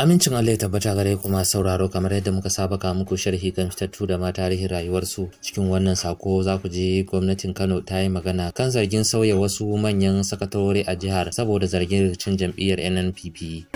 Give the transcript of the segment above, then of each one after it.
Amincin Allah ya tabbata gare kuma sauraro kamar yadda muka saba ka muku sharhi kan fitattu da ma tarihin rayuwarsu cikin wannan sako za ku je gwamnatin Kano ta yi magana kan zargin sauya wasu manyan sakatori a jihar saboda zargin rikicin jam'iyyar NNPP.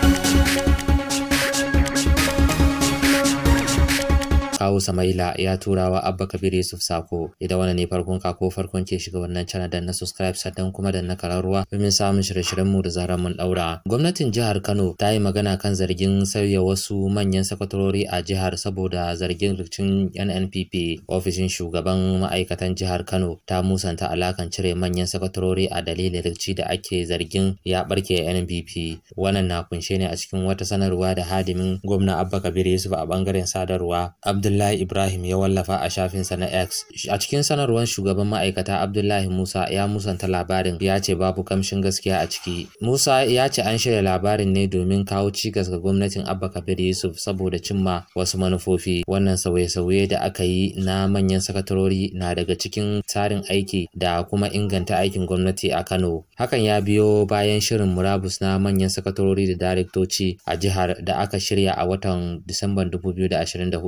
kawo samaila ya turawa abba kabir yusuf sako idan wani ne farkon ka ko farkon ke shiga wannan channel dan na subscribe sannan kuma dan na kararuwa domin samun shirye-shiryen mu da zaran mun daura gwamnatin jihar kano ta yi magana kan zargin sauya wasu manyan sakatarori a jihar saboda zargin rikicin nnpp ofishin shugaban ma'aikatan jihar kano ta musanta alakan cire manyan sakatarori a dalilin rikici da ake zargin ya barke nnpp wannan na kunshe ne a cikin wata sanarwa da hadimin gwamna abba kabir yusuf a bangaren sadarwa abdul Abdullahi Ibrahim ya wallafa a shafinsa na X. A cikin sanarwar shugaban ma'aikata Abdullahi Musa ya musanta labarin ya ce babu kamshin gaskiya a ciki. Musa ya ce an shirya labarin ne domin kawo cikas ga gwamnatin Abba Kabir Yusuf saboda cimma wasu manufofi. Wannan sauye-sauye da aka yi na manyan sakatarori na daga cikin tsarin aiki da kuma inganta aikin gwamnati a Kano. Hakan ya biyo bayan shirin murabus na manyan sakatorori da daraktoci a jihar da aka shirya a watan Disamban 2024.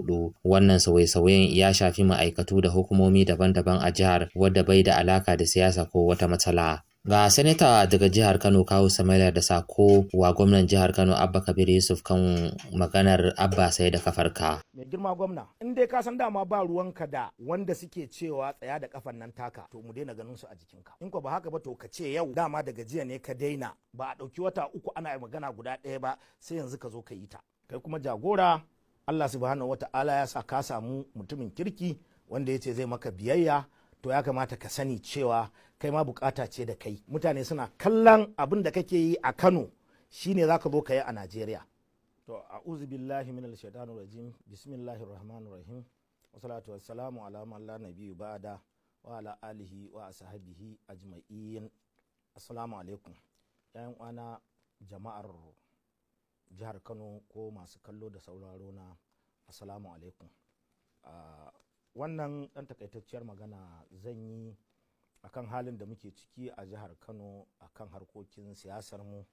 Wannan sauye-sauyen ya shafi ma'aikatu da hukumomi daban-daban a jihar wadda bai da alaka da siyasa ko wata matsala. Ga Sanata daga jihar Kano Kawu Samaila da sako wa gwamnan jihar Kano Abba Kabir Yusuf kan maganar Abba sai da kafarka. Mai girma gwamna, in dai ka san dama ba ruwanka da wanda suke cewa tsaya da kafan nan taka to mu daina ganin su a jikinka. In ko ba haka ba to ka ce yau dama daga jiya ne ka daina ba a ɗauki wata uku ana magana guda ɗaya ba sai yanzu ka zo ka yi ta. Kai kuma jagora Allah subhanahu wata'ala ya sa ka samu mutumin kirki wanda ya ce zai maka biyayya to ya kamata ka sani cewa kai ma bukata ce da kai mutane suna kallon abin da kake yi a kano shine za ka zo ka yi a najeriya to a'udhu billahi min shaitanir rajim bismillahi rahmanir rahim wasalatu wassalamu ala man na biyu ba'da wa ala alihi wa ashabihi ajma'in assalamu alaikum yan uwana jama'ar jihar kano ko masu kallo da sauraro na assalamu alaikum ah, wannan ɗan takaitacciyar magana zan yi akan halin da muke ciki a jihar kano akan harkokin siyasar mu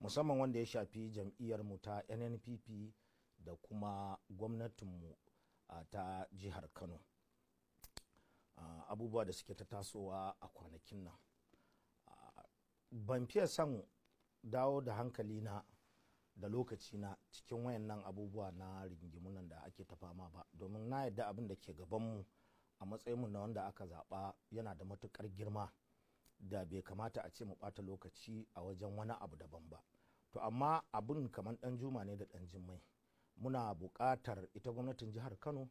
musamman wanda ya shafi jam'iyyar mu ta nnpp da kuma gwamnatinmu ta jihar kano abubuwa da suke ta tasowa a kwanakin nan ban fiye son dawo da hankali na da lokaci na cikin wayannan abubuwa na nan da ake ta fama ba domin na yadda abin da ke gabanmu a matsayinmu na wanda aka zaɓa yana da matukar girma da bai kamata a ce mu bata lokaci a wajen wani abu daban ba to amma abin kamar ɗan juma ne da ɗan jimmai muna buƙatar ita gwamnatin jihar kano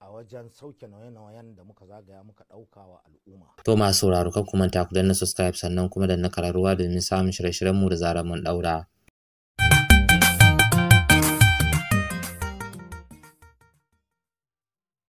a wajen sauke nauye-nauyen da muka zagaya muka ɗauka wa al'umma. To masu sauraro kan kuma ta ku danna subscribe sannan kuma da danna kararruwa domin samun shirye-shiryenmu da zarar mun ɗaura.